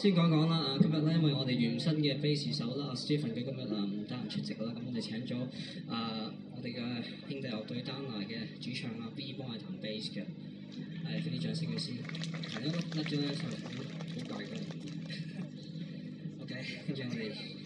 先講講啦，啊，今日咧因為我哋原生嘅 bass 手啦，Stephen 今日啊唔得閒出席啦，咁我哋請咗啊、呃、我哋嘅兄弟樂隊丹拿嘅主唱啊 B 幫佢彈 bass 嘅，誒歡迎掌聲嘅先，係咯，甩咗一場好大功，OK，跟住我哋。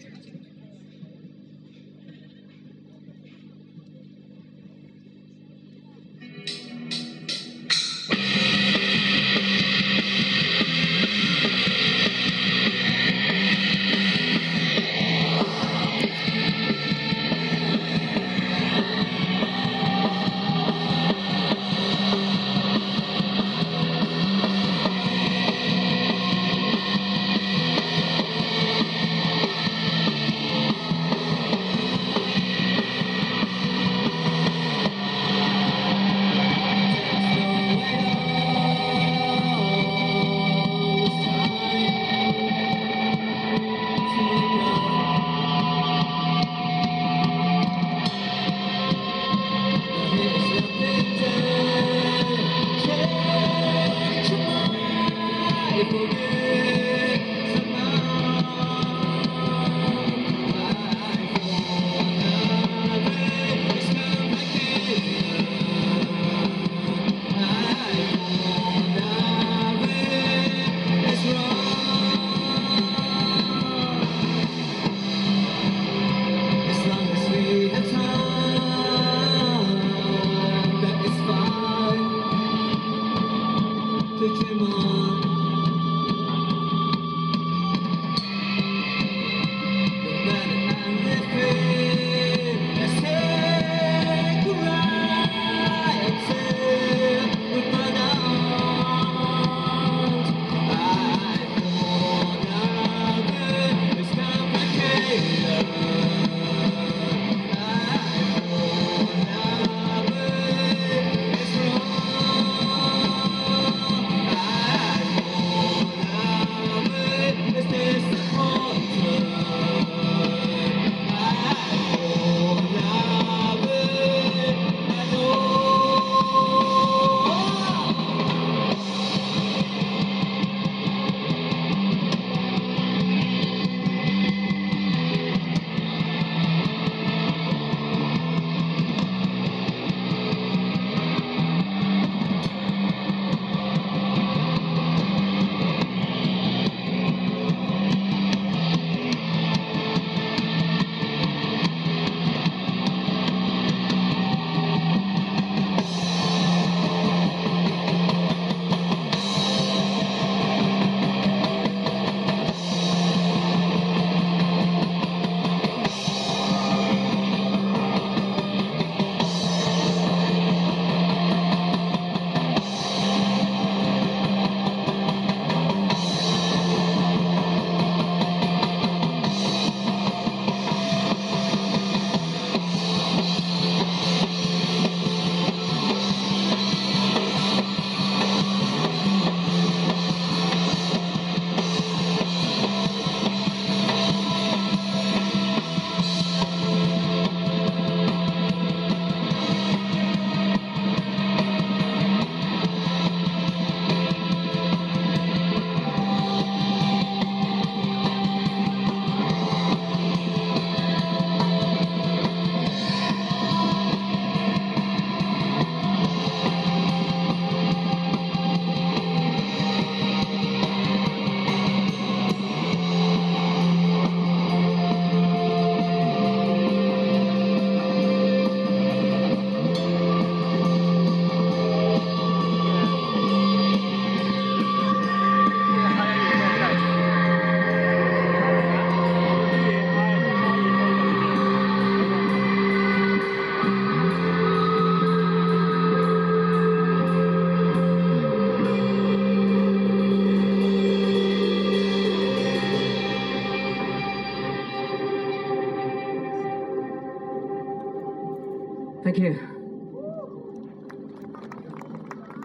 Thank you。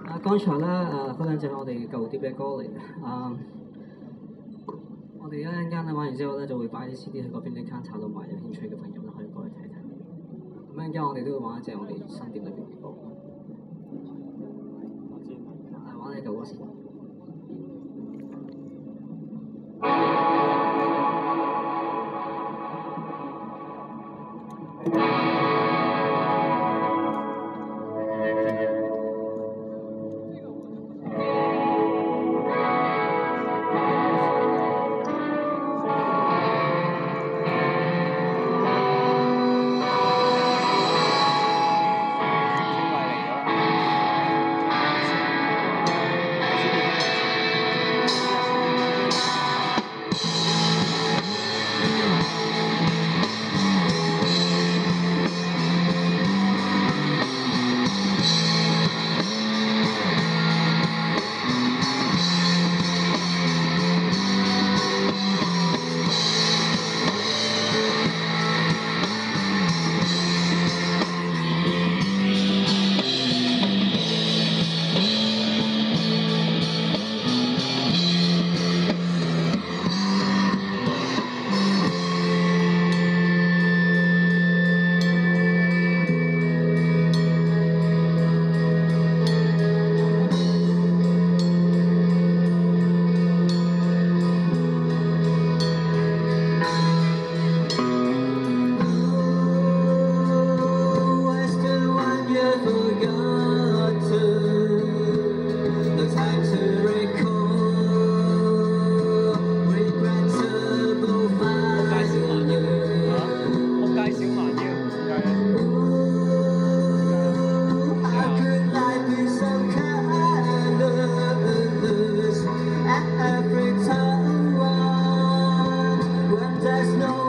啊，剛才呢，誒嗰兩隻係我哋舊碟嘅歌嚟。我哋一陣間玩完之後咧，就會擺啲 CD 喺嗰邊碟卡炒到埋，有興趣嘅朋友可以過嚟睇睇。咁一陣間我哋都會玩一隻我哋新碟裏面嘅歌。